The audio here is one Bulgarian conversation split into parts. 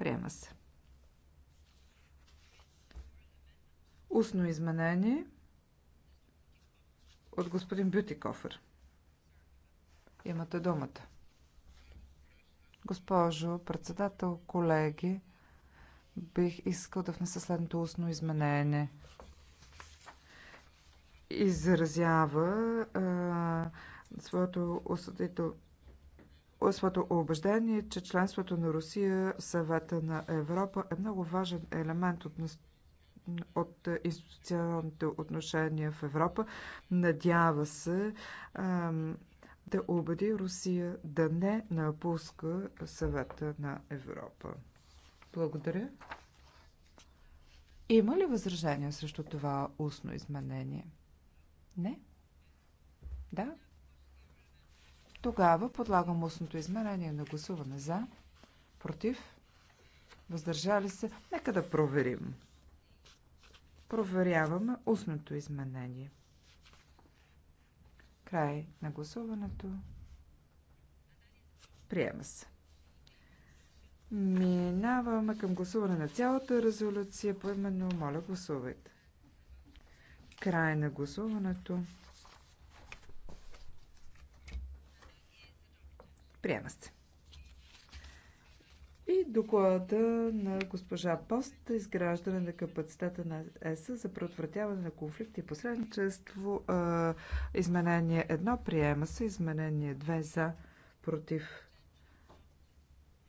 Приема се. Устно изменение от господин Бютикофер. Имате думата. Госпожо председател, колеги, бих искал да внеса следното устно изменение. Изразява а, своето осъдително своето убеждение, че членството на Русия в съвета на Европа е много важен елемент от, от институционалните отношения в Европа. Надява се да убеди Русия да не напуска съвета на Европа. Благодаря. Има ли възражения срещу това устно изменение? Не? Да? Тогава подлагам устното измерение на гласуване за, против, въздържали се. Нека да проверим. Проверяваме устното изменение. Край на гласуването. Приема се. Минаваме към гласуване на цялата резолюция. Поименно, моля, гласувайте. Край на гласуването. Приема се. И доклада на госпожа Пост е изграждане на капацитета на ЕС за предотвратяване на конфликти и посредничество. изменение 1 приема се, изменение 2 за против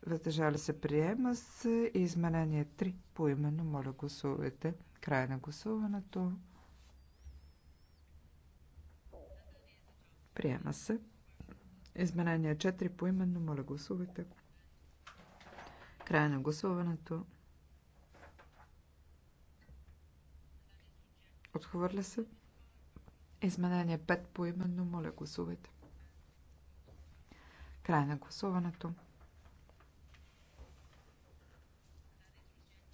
въздържали се приема се и изменение 3 по именно. Моля гласувайте. Край на гласуването. Приема се. Изменение 4 по именно. Моля, гласувайте. Край на гласуването. Отхвърля се. Изменение 5 по именно. Моля, гласувайте. Край на гласуването.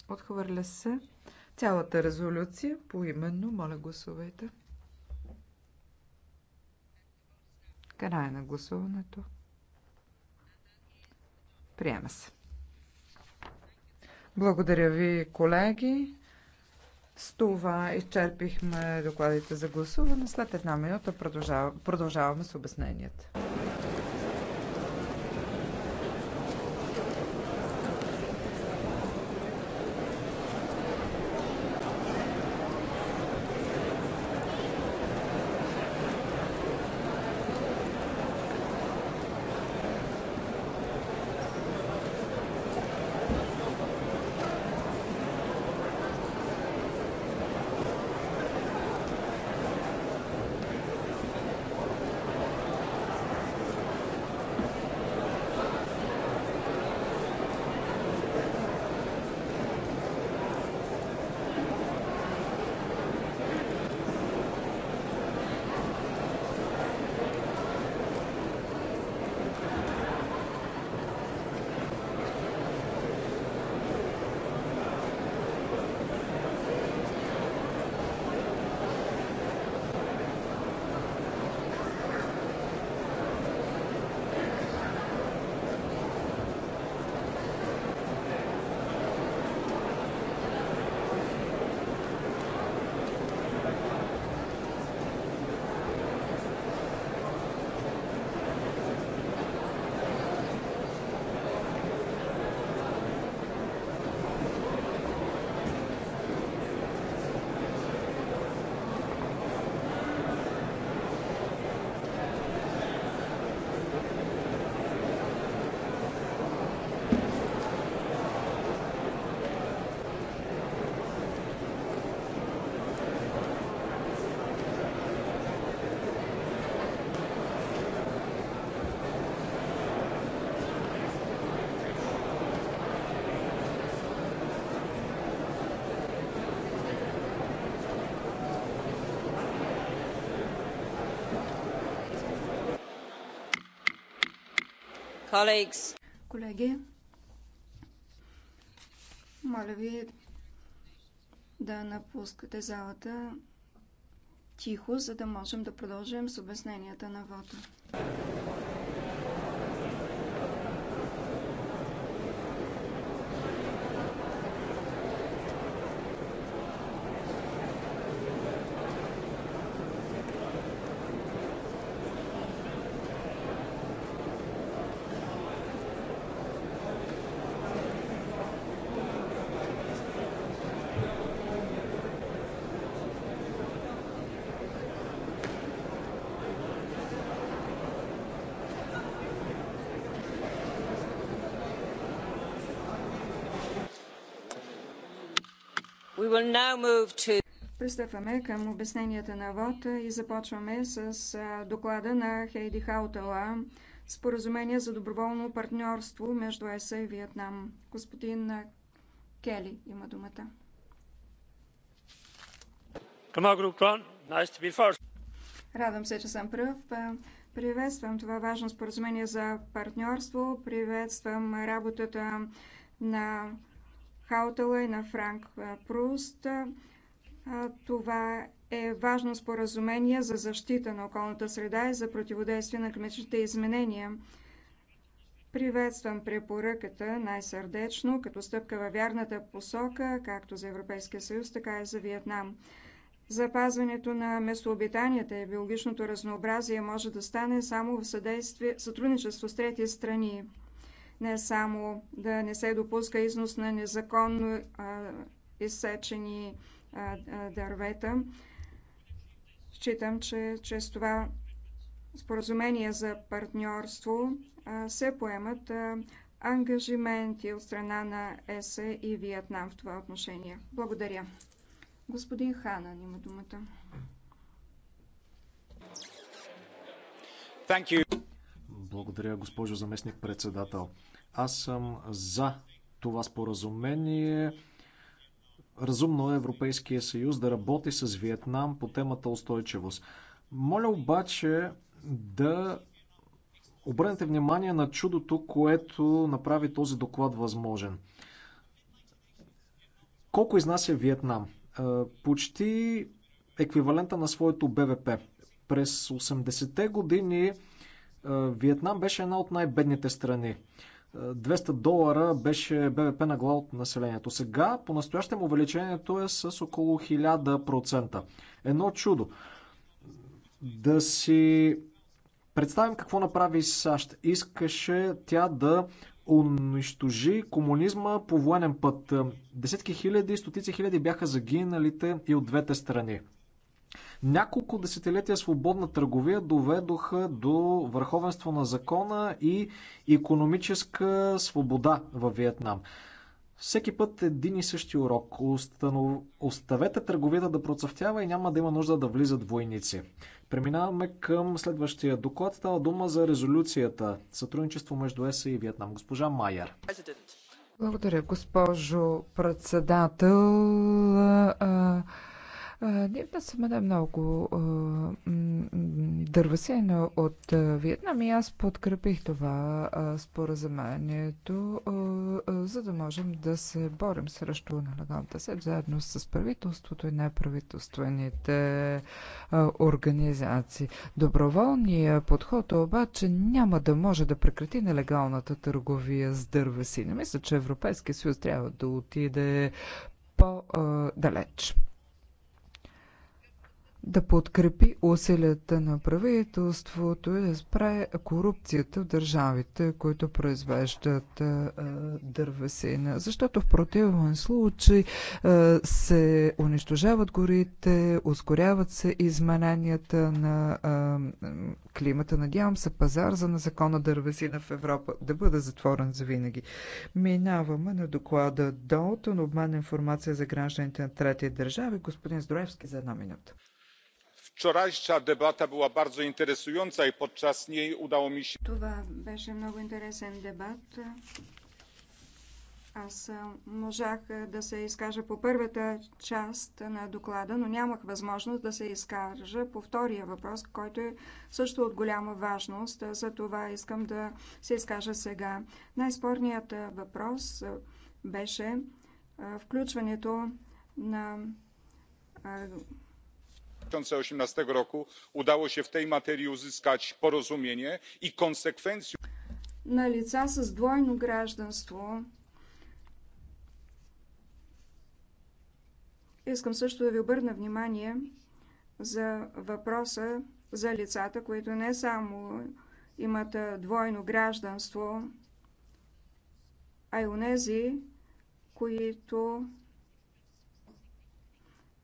Отхвърля се. Цялата резолюция по именно. Моля, гласувайте. Края на гласуването. Приема се. Благодаря ви, колеги. С това изчерпихме докладите за гласуване. След една минута продължаваме с обясненията. Колеги, моля ви да напускате залата тихо, за да можем да продължим с обясненията на вода. Пристъпваме към обясненията на ВОД и започваме с доклада на Хейди Хаутала Споразумение за доброволно партньорство между ЕСА и Виетнам. Господин Кели има думата. Радвам се, че съм пръв. Приветствам това важно споразумение за партньорство. Приветствам работата на Хаутала и на Франк Пруст. Това е важно споразумение за защита на околната среда и за противодействие на климатичните изменения. Приветствам препоръката най-сърдечно, като стъпка във вярната посока, както за Европейския съюз, така и за Виетнам. Запазването на местообитанията и биологичното разнообразие може да стане само в сътрудничество с трети страни не само да не се допуска износ на незаконно а, изсечени а, а, дървета. Считам, че чрез това споразумение за партньорство а, се поемат а, ангажименти от страна на ЕСЕ и Виетнам в това отношение. Благодаря. Господин Ханан има думата. Thank you. Благодаря, госпожо заместник председател. Аз съм за това споразумение. Разумно е Европейския съюз да работи с Виетнам по темата устойчивост. Моля обаче да обърнете внимание на чудото, което направи този доклад възможен. Колко изнася Виетнам? Е, почти еквивалента на своето БВП. През 80-те години е, Виетнам беше една от най-бедните страни. 200 е, долара беше БВП на глава от населението. Сега, по-настоящем, увеличението е с около 1000%. Едно чудо. Да си представим какво направи САЩ. Искаше тя да унищожи комунизма по военен път. Десетки хиляди, стотици хиляди бяха загиналите и от двете страни. Няколко десетилетия свободна търговия доведоха до върховенство на закона и економическа свобода във Виетнам. Всеки път един и същи урок. Останов... Оставете търговията да процъфтява и няма да има нужда да влизат войници. Преминаваме към следващия доклад. Става дума за резолюцията Сътрудничество между ЕС и Виетнам. Госпожа Майер. Благодаря, госпожо председател. Ние внасяме много дървесина от Виетнам и аз подкрепих това споразумението, за да можем да се борим срещу налагалната сед, заедно с правителството и неправителствените организации. Доброволният подход обаче няма да може да прекрати нелегалната търговия с дървесина. Мисля, че Европейския съюз трябва да отиде по-далеч да подкрепи усилията на правителството и да спре корупцията в държавите, които произвеждат дървесина. Защото в противен случай се унищожават горите, ускоряват се измененията на климата. Надявам се пазар за незаконна дървесина в Европа да бъде затворен за винаги. Минаваме на доклада Долтон, обмен информация за гражданите на трети държави. Господин Здроевски за една минута. Вчерашната дебата била bardzo interesująca и podczas niej udało mi się... Това беше много интересен дебат. Аз можах да се изкажа по първата част на доклада, но нямах възможност да се изкажа по втория въпрос, който е също от голяма важност. За това искам да се изкажа сега. Най-спорният въпрос беше включването на tysiące osiemnaście roku udało się w tej materii uzyskać porozumienie i konsekwencją. на лица с двойно гражданство. Искам също да ви обърна внимание за въпроса за лицата, които не само имат двойно гражданство, а и унези, които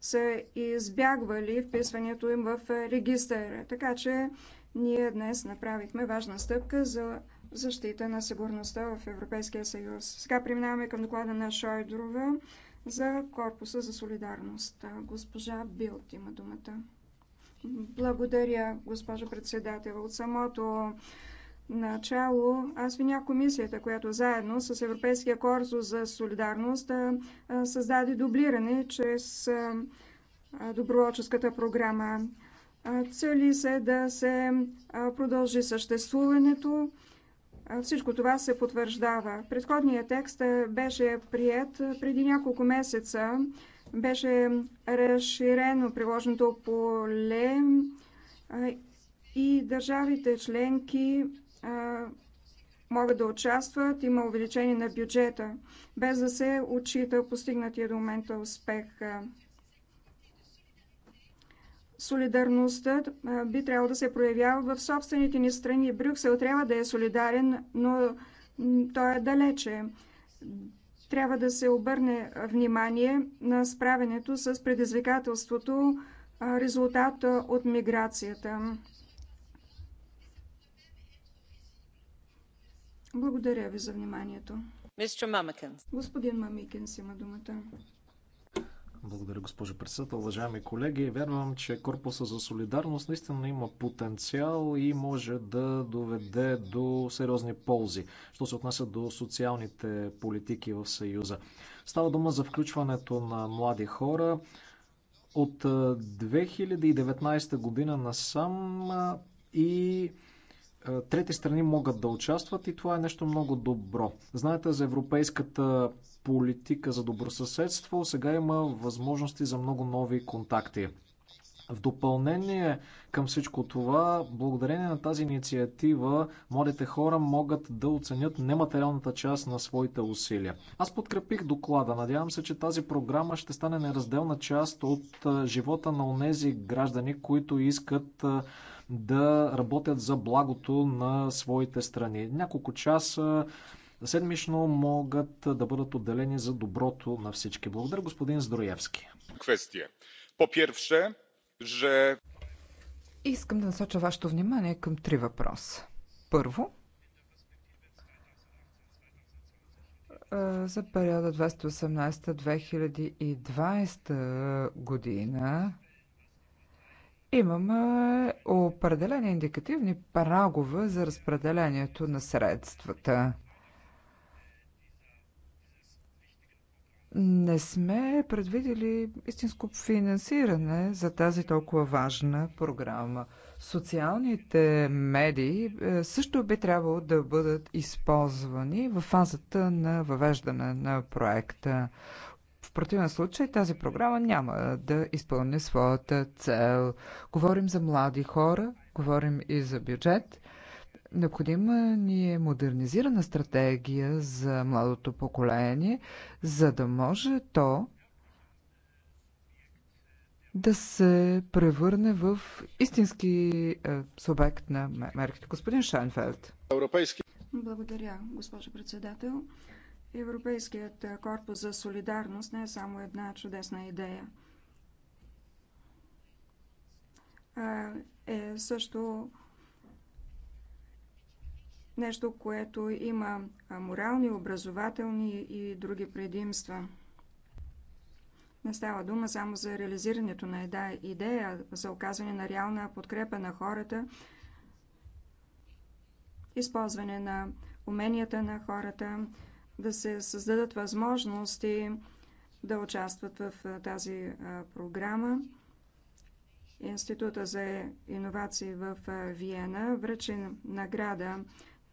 са избягвали вписването им в регистъра. Така че ние днес направихме важна стъпка за защита на сигурността в Европейския съюз. Сега преминаваме към доклада на Шойдрова за Корпуса за солидарност. Госпожа Билт има думата. Благодаря, госпожо председател. От самото начало аз виня комисията, която заедно с Европейския корпус за солидарност създаде дублиране чрез доброволческата програма. Цели се да се продължи съществуването. Всичко това се потвърждава. Предходният текст беше прият преди няколко месеца. Беше разширено приложното поле и държавите членки могат да участват, има увеличение на бюджета, без да се отчита постигнатия до момента успех. Солидарността би трябвало да се проявява в собствените ни страни. Брюксел трябва да е солидарен, но той е далече. Трябва да се обърне внимание на справенето с предизвикателството резултата от миграцията. Благодаря ви за вниманието. Господин Мамикенс има думата. Благодаря, госпожо председател. Уважаеми колеги, вярвам, че Корпуса за солидарност наистина има потенциал и може да доведе до сериозни ползи, що се отнася до социалните политики в Съюза. Става дума за включването на млади хора. От 2019 година насам и е, трети страни могат да участват и това е нещо много добро. Знаете за европейската политика за добросъседство, сега има възможности за много нови контакти. В допълнение към всичко това, благодарение на тази инициатива, младите хора могат да оценят нематериалната част на своите усилия. Аз подкрепих доклада. Надявам се, че тази програма ще стане неразделна част от е, живота на онези граждани, които искат е, да работят за благото на своите страни. Няколко часа седмично могат да бъдат отделени за доброто на всички. Благодаря, господин Здроевски. Квестия. По първше, же... Искам да насоча вашето внимание към три въпроса. Първо, за периода 2018-2020 година имаме определени индикативни прагове за разпределението на средствата. Не сме предвидели истинско финансиране за тази толкова важна програма. Социалните медии е, също би трябвало да бъдат използвани в фазата на въвеждане на проекта противен случай тази програма няма да изпълни своята цел. Говорим за млади хора, говорим и за бюджет. Необходима ни е модернизирана стратегия за младото поколение, за да може то да се превърне в истински е, субект на мерките. Господин Шайнфелд. Благодаря, госпожо председател. Европейският е, корпус за солидарност не е само една чудесна идея. Е също нещо, което има морални, образователни и други предимства. Не става дума само за реализирането на една идея, за оказване на реална подкрепа на хората, използване на уменията на хората, да се създадат възможности да участват в тази програма. Института за иновации в Виена връчи награда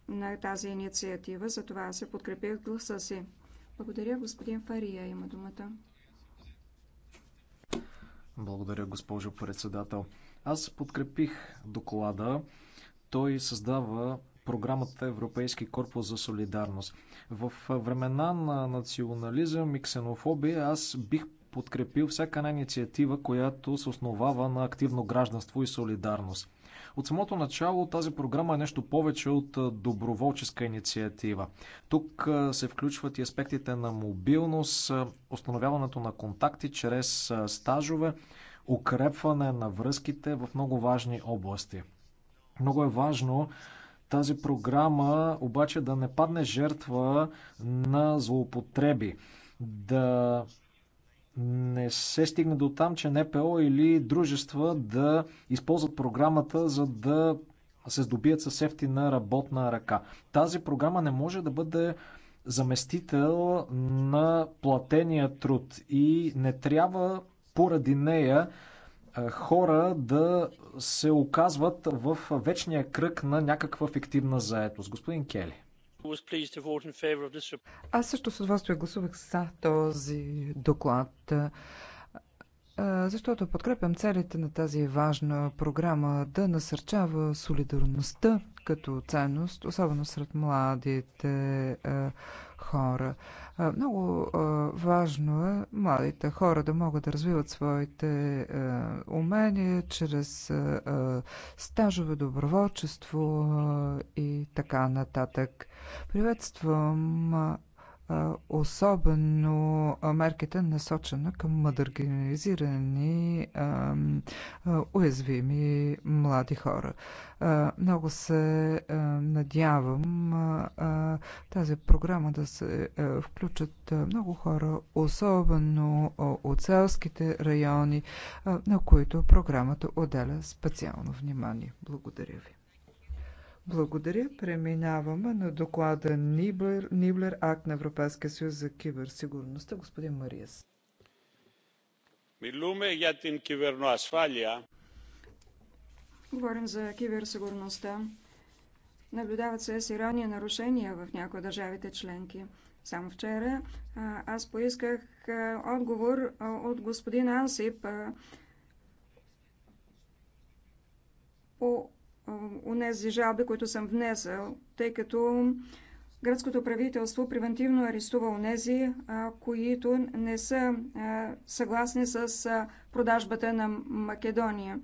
на тази инициатива, за това се подкрепих гласа си. Благодаря, господин Фария има думата. Благодаря, госпожо председател. Аз подкрепих доклада. Той създава програмата Европейски корпус за солидарност. В времена на национализъм и ксенофобия аз бих подкрепил всяка една инициатива, която се основава на активно гражданство и солидарност. От самото начало тази програма е нещо повече от доброволческа инициатива. Тук се включват и аспектите на мобилност, установяването на контакти чрез стажове, укрепване на връзките в много важни области. Много е важно тази програма обаче да не падне жертва на злоупотреби, да не се стигне до там, че НПО или дружества да използват програмата, за да се здобият с ефтина работна ръка. Тази програма не може да бъде заместител на платения труд и не трябва поради нея е, хора да се оказват в вечния кръг на някаква фиктивна заетост. Господин Кели. Аз също с удоволствие гласувах за този доклад защото подкрепям целите на тази важна програма да насърчава солидарността като ценност, особено сред младите хора. Много важно е младите хора да могат да развиват своите умения чрез стажове, доброволчество и така нататък. Приветствам особено мерките насочена към мадъргинизирани уязвими млади хора. Много се надявам тази програма да се включат много хора, особено от селските райони, на които програмата отделя специално внимание. Благодаря ви. Благодаря. Преминаваме на доклада Нибър, Ниблер, акт на Европейския съюз за киберсигурността. Господин Мариас. Милуме тин киберно Асфалия. Говорим за киберсигурността. Наблюдават се сериозни нарушения в някои от държавите членки. Само вчера аз поисках отговор от господин Ансип по унези жалби, които съм внесъл, тъй като гръцкото правителство превентивно арестува унези, които не са съгласни с продажбата на Македония.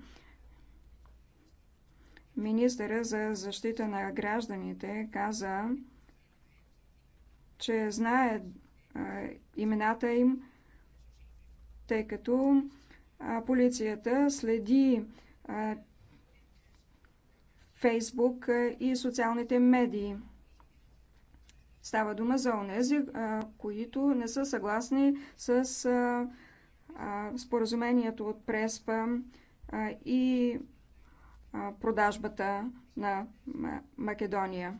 Министъра за защита на гражданите каза, че знае имената им, тъй като полицията следи Фейсбук и социалните медии. Става дума за онези, които не са съгласни с споразумението от Преспа и продажбата на Македония.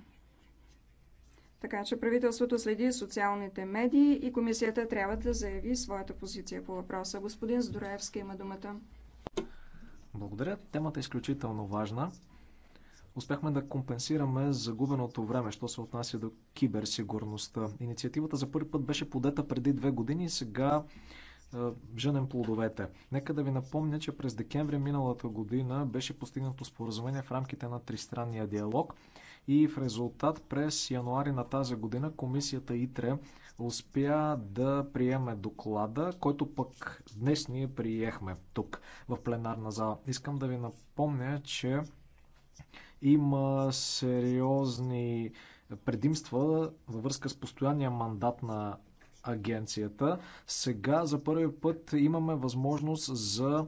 Така че правителството следи социалните медии и комисията трябва да заяви своята позиция по въпроса. Господин Здоровски има думата. Благодаря. Темата е изключително важна успяхме да компенсираме загубеното време, що се отнася до киберсигурността. Инициативата за първи път беше подета преди две години и сега е, женен плодовете. Нека да ви напомня, че през декември миналата година беше постигнато споразумение в рамките на тристранния диалог и в резултат през януари на тази година комисията ИТРЕ успя да приеме доклада, който пък днес ние приехме тук в пленарна зала. Искам да ви напомня, че има сериозни предимства във връзка с постоянния мандат на агенцията. Сега за първи път имаме възможност за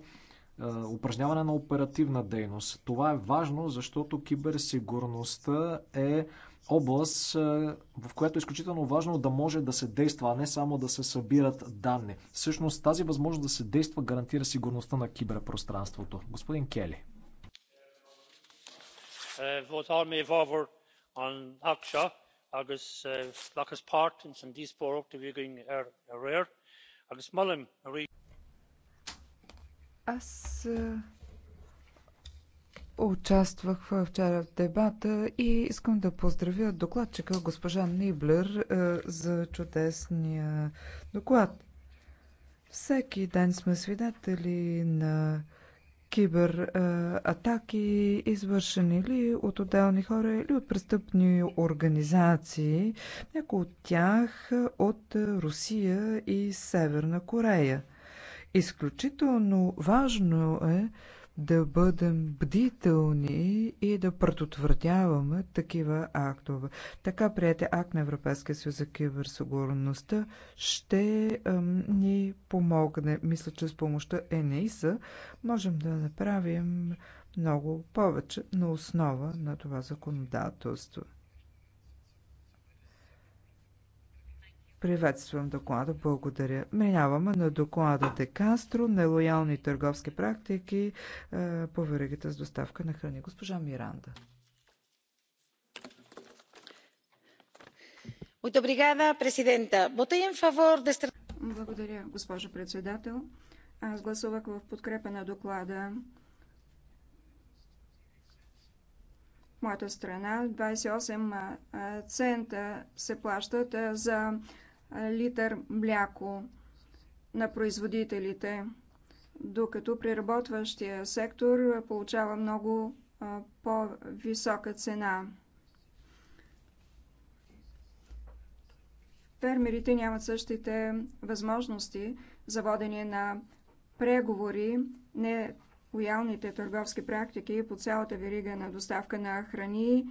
е, упражняване на оперативна дейност. Това е важно, защото киберсигурността е област, е, в която е изключително важно да може да се действа, а не само да се събират данни. Всъщност тази възможност да се действа гарантира сигурността на киберпространството. Господин Кели bhfuil mé bhábhar an thaiscé agus glacas páirt an san díospóireacht a bhí againn ar réir agus molann a rí. Аз uh, участвах вчера в дебата и искам да поздравя докладчика госпожа Ниблер uh, за чудесния доклад. Всеки ден сме свидетели на кибератаки, извършени ли от отделни хора, или от престъпни организации, някои от тях от Русия и Северна Корея. Изключително важно е да бъдем бдителни и да предотвратяваме такива актове. Така прияте акт на Европейския съюз за киберсигурността ще ам, ни помогне. Мисля, че с помощта ЕНИСА можем да направим много повече на основа на това законодателство. Приветствам доклада, благодаря. Минаваме на доклада Де Кастро, нелоялни търговски практики е, по веригата с доставка на храни. Госпожа Миранда. Благодаря, госпожо председател. Аз гласувах в подкрепа на доклада. моята страна 28 цента се плащат за литър мляко на производителите, докато преработващия сектор получава много по-висока цена. Фермерите нямат същите възможности за водене на преговори, нелоялните търговски практики по цялата верига на доставка на храни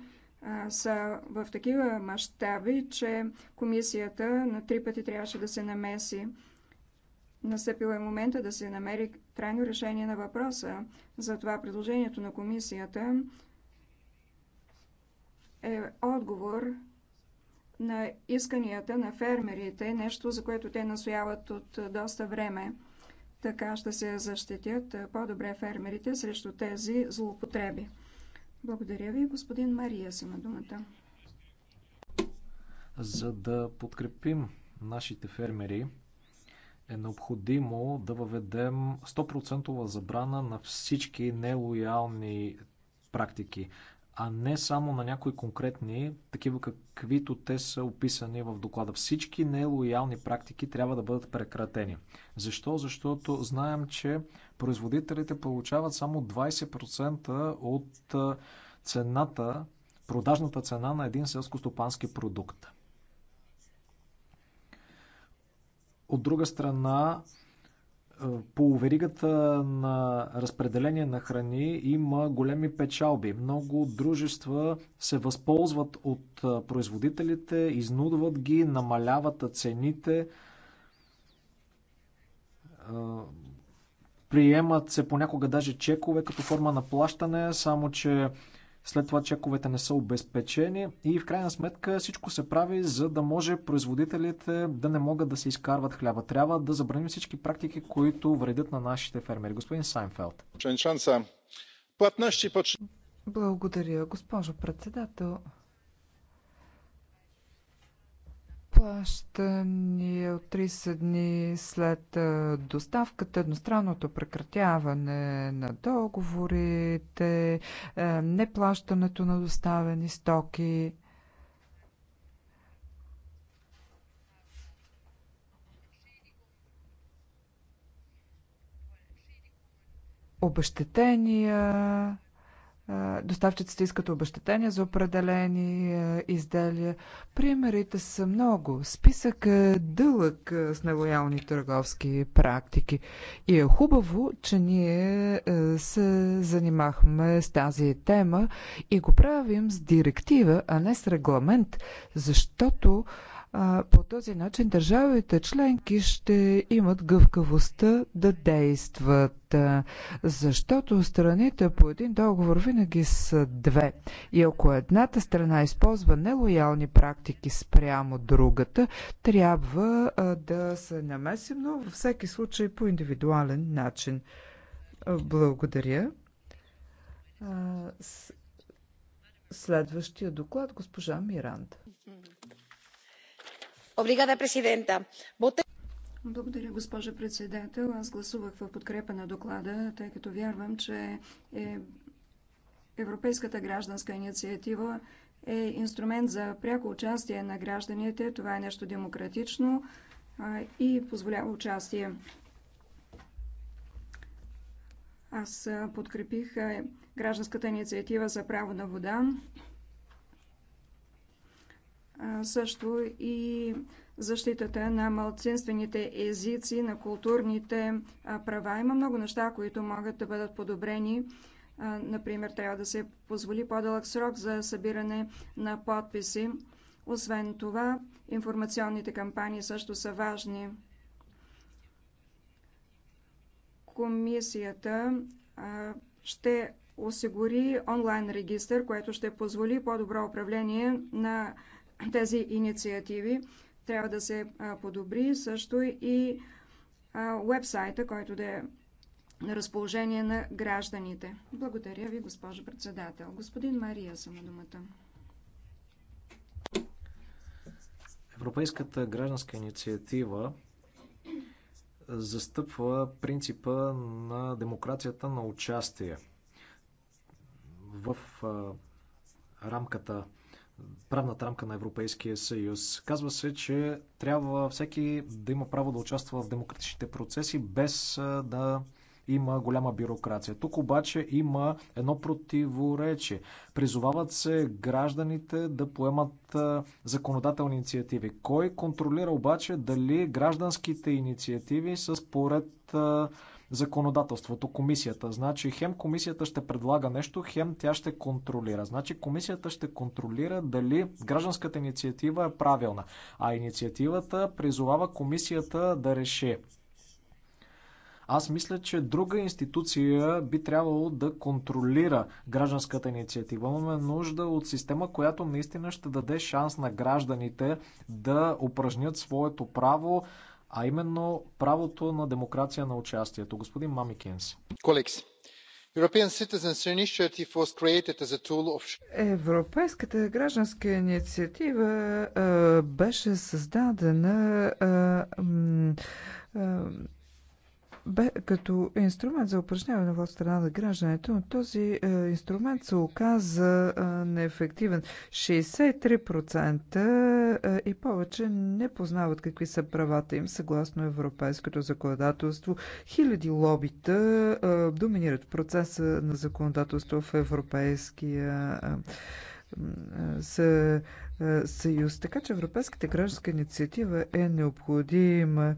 са в такива мащаби, че комисията на три пъти трябваше да се намеси. Настъпил е момента да се намери трайно решение на въпроса. Затова предложението на комисията е отговор на исканията на фермерите, нещо за което те настояват от доста време. Така ще се защитят по-добре фермерите срещу тези злоупотреби. Благодаря ви. Господин Мария си на думата. За да подкрепим нашите фермери, е необходимо да въведем 100% забрана на всички нелоялни практики, а не само на някои конкретни, такива каквито те са описани в доклада. Всички нелоялни практики трябва да бъдат прекратени. Защо? Защото знаем, че производителите получават само 20% от цената, продажната цена на един селскостопански продукт. От друга страна, по веригата на разпределение на храни има големи печалби. Много дружества се възползват от производителите, изнудват ги, намаляват цените. Приемат се понякога даже чекове като форма на плащане, само че след това чековете не са обезпечени и в крайна сметка всичко се прави, за да може производителите да не могат да се изкарват хляба. Трябва да забраним всички практики, които вредят на нашите фермери. Господин Сайнфелд. Благодаря, госпожо председател. плащания от 30 дни след доставката, едностранното прекратяване на договорите, неплащането на доставени стоки. Обещетения доставчиците искат обещетения за определени изделия. Примерите са много. Списък е дълъг с нелоялни търговски практики. И е хубаво, че ние се занимахме с тази тема и го правим с директива, а не с регламент, защото по този начин държавите членки ще имат гъвкавостта да действат, защото страните по един договор винаги са две. И ако едната страна използва нелоялни практики спрямо другата, трябва да се намесим, но във всеки случай по индивидуален начин. Благодаря. Следващия доклад, госпожа Миранда. Благодаря, госпожо председател. Аз гласувах в подкрепа на доклада, тъй като вярвам, че е Европейската гражданска инициатива е инструмент за пряко участие на гражданите. Това е нещо демократично и позволява участие. Аз подкрепих гражданската инициатива за право на вода също и защитата на малцинствените езици, на културните права. Има много неща, които могат да бъдат подобрени. Например, трябва да се позволи по-дълъг срок за събиране на подписи. Освен това, информационните кампании също са важни. Комисията ще осигури онлайн регистър, което ще позволи по-добро управление на тези инициативи. Трябва да се подобри също и вебсайта, който да е на разположение на гражданите. Благодаря ви, госпожо председател. Господин Мария, на думата. Европейската гражданска инициатива застъпва принципа на демокрацията на участие в рамката правната рамка на Европейския съюз. Казва се, че трябва всеки да има право да участва в демократичните процеси без да има голяма бюрокрация. Тук обаче има едно противоречие. Призовават се гражданите да поемат законодателни инициативи. Кой контролира обаче дали гражданските инициативи са според законодателството, комисията. Значи хем комисията ще предлага нещо, хем тя ще контролира. Значи комисията ще контролира дали гражданската инициатива е правилна. А инициативата призовава комисията да реши. Аз мисля, че друга институция би трябвало да контролира гражданската инициатива. Имаме нужда от система, която наистина ще даде шанс на гражданите да упражнят своето право а именно правото на демокрация на участието. Господин Мамикенс. Колекс. Европейската гражданска инициатива беше създадена бе като инструмент за упражняване от страна на гражданите, но този е, инструмент се оказа е, неефективен. 63% е, и повече не познават какви са правата им съгласно европейското законодателство. Хиляди лобита е, доминират процеса на законодателство в Европейския е, се е, съюз. Така че Европейската гражданска инициатива е необходима.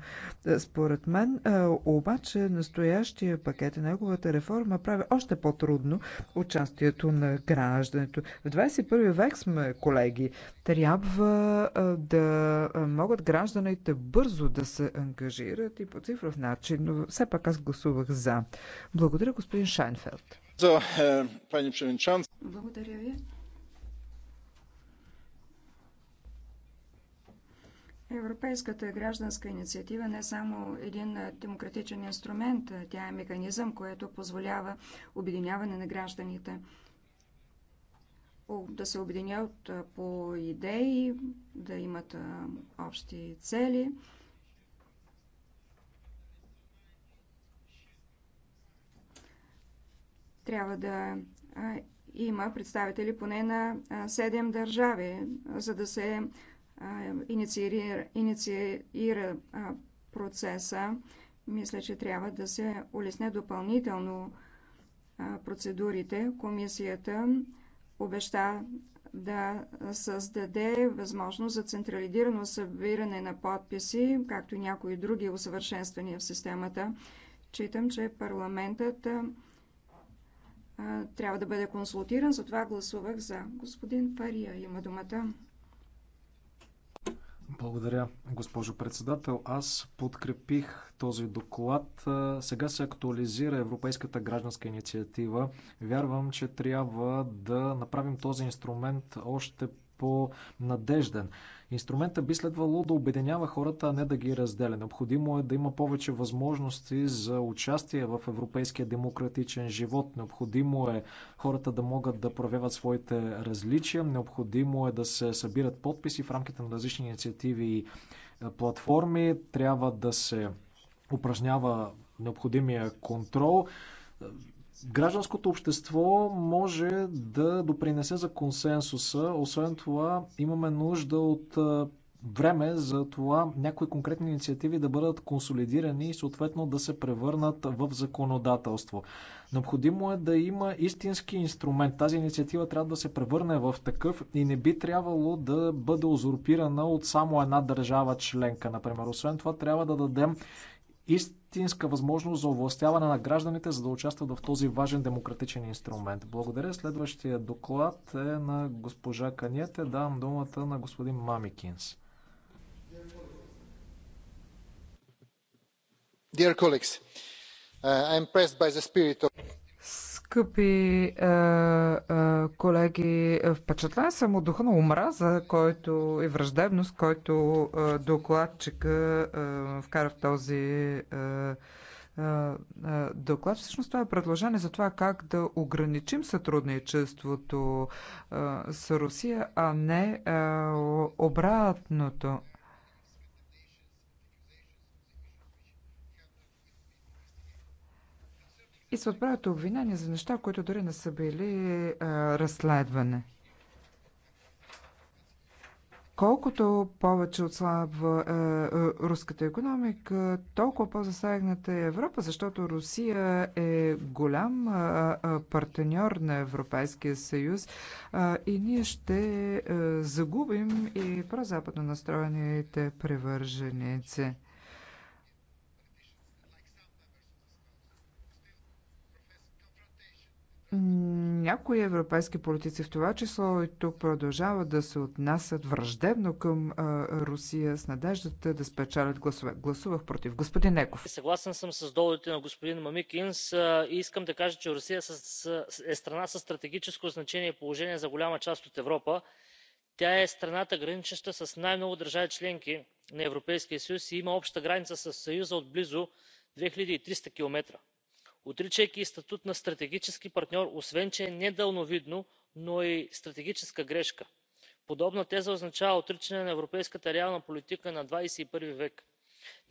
Е, според мен, е, обаче, настоящия пакет и неговата реформа прави още по-трудно участието на граждането. В 21 век сме, колеги. Трябва да могат гражданите бързо да се ангажират и по цифров начин, но все пак аз гласувах за. Благодаря, господин Шайнфелд. Благодаря ви. Европейската гражданска инициатива не е само един демократичен инструмент, тя е механизъм, който позволява обединяване на гражданите. Да се объединят по идеи, да имат общи цели. Трябва да има представители поне на 7 държави, за да се инициира, процеса, мисля, че трябва да се улесне допълнително процедурите. Комисията обеща да създаде възможност за централизирано събиране на подписи, както и някои други усъвършенствания в системата. Читам, че парламентът трябва да бъде консултиран, затова гласувах за. Господин Пария има думата. Благодаря, госпожо председател. Аз подкрепих този доклад. Сега се актуализира Европейската гражданска инициатива. Вярвам, че трябва да направим този инструмент още по-надежден. Инструмента би следвало да обединява хората, а не да ги разделя. Необходимо е да има повече възможности за участие в европейския демократичен живот. Необходимо е хората да могат да проявяват своите различия. Необходимо е да се събират подписи в рамките на различни инициативи и платформи. Трябва да се упражнява необходимия контрол Гражданското общество може да допринесе за консенсуса. Освен това, имаме нужда от време за това някои конкретни инициативи да бъдат консолидирани и съответно да се превърнат в законодателство. Необходимо е да има истински инструмент. Тази инициатива трябва да се превърне в такъв и не би трябвало да бъде узурпирана от само една държава членка, например. Освен това, трябва да дадем истинска възможност за овластяване на гражданите, за да участват в този важен демократичен инструмент. Благодаря. Следващия доклад е на госпожа Каниете. Давам думата на господин Мамикинс. Dear colleagues, uh, I am pressed by the spirit of Скъпи е, е, колеги, впечатлен съм от духа на омраза който, и враждебност, който е, докладчика е, вкара в този е, е, е доклад. Всъщност това е предложение за това как да ограничим сътрудничеството е, с Русия, а не обратното. И се отправят обвинения за неща, които дори не са били а, разследване. Колкото повече отслабва е, е, руската економика, толкова по-засегната е Европа, защото Русия е голям е, е, партньор на Европейския съюз е, и ние ще е, загубим и прозападно настроените привърженици. някои европейски политици, в това число и тук, продължават да се отнасят враждебно към а, Русия с надеждата да спечалят гласове. Гласувах против. Господин Неков. Съгласен съм с доводите на господин Мамикинс и искам да кажа, че Русия е страна с стратегическо значение и положение за голяма част от Европа. Тя е страната, граничеща с най-много държави членки на Европейския съюз и има обща граница с Съюза от близо 2300 км отричайки статут на стратегически партньор освен че е недалновидно но е и стратегическа грешка. подобна теза означава отричане на европейската реална политика на двадесет и първи век.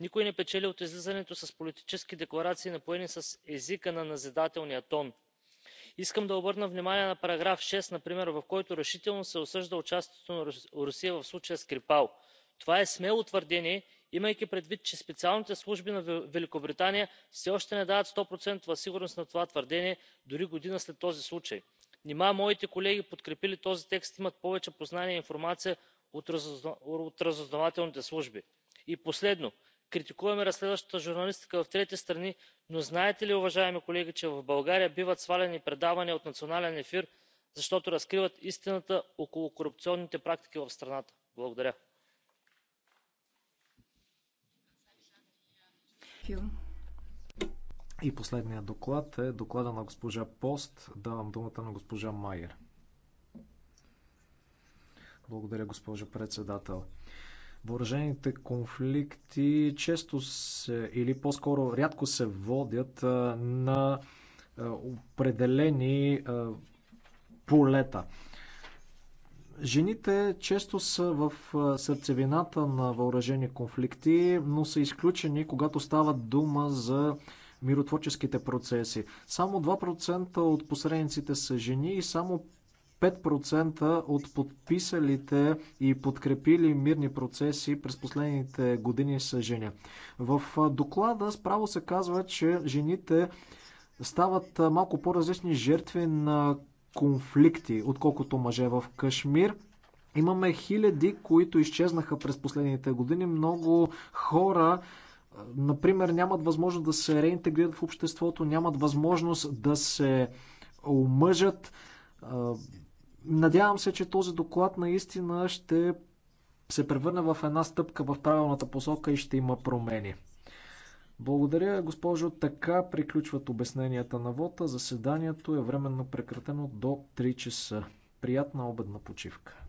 никой не печели от излизането с политически декларации напоени с езика на назидателния тон. искам да обърна внимание на § шест например в който решително се осъжда участието на русия в случая скрипал. това е смело твърдение имайки предвид че специалните служби на великобритания все още не дават стопроцентова сигурност на това твърдение дори година след този случай. нима моите колеги подкрепили този текст имат повече познания и информация от разузнавателните служби? и последно критикуваме разследващата журналистика в трети страни но знаете ли уважаеми колеги че в българия биват сваляни предавания от национален ефир защото разкриват истината около корупционните практики в страната? благодаря. И последният доклад е доклада на госпожа Пост. Давам думата на госпожа Майер. Благодаря, госпожа председател. Въоръжените конфликти често се, или по-скоро рядко се водят на определени полета. Жените често са в сърцевината на въоръжени конфликти, но са изключени, когато става дума за миротворческите процеси. Само 2% от посредниците са жени и само 5% от подписалите и подкрепили мирни процеси през последните години са жени. В доклада справо се казва, че жените стават малко по-различни жертви на конфликти, отколкото мъже в Кашмир. Имаме хиляди, които изчезнаха през последните години. Много хора, например, нямат възможност да се реинтегрират в обществото, нямат възможност да се омъжат. Надявам се, че този доклад наистина ще се превърне в една стъпка в правилната посока и ще има промени. Благодаря, госпожо. Така приключват обясненията на вота. Заседанието е временно прекратено до 3 часа. Приятна обедна почивка.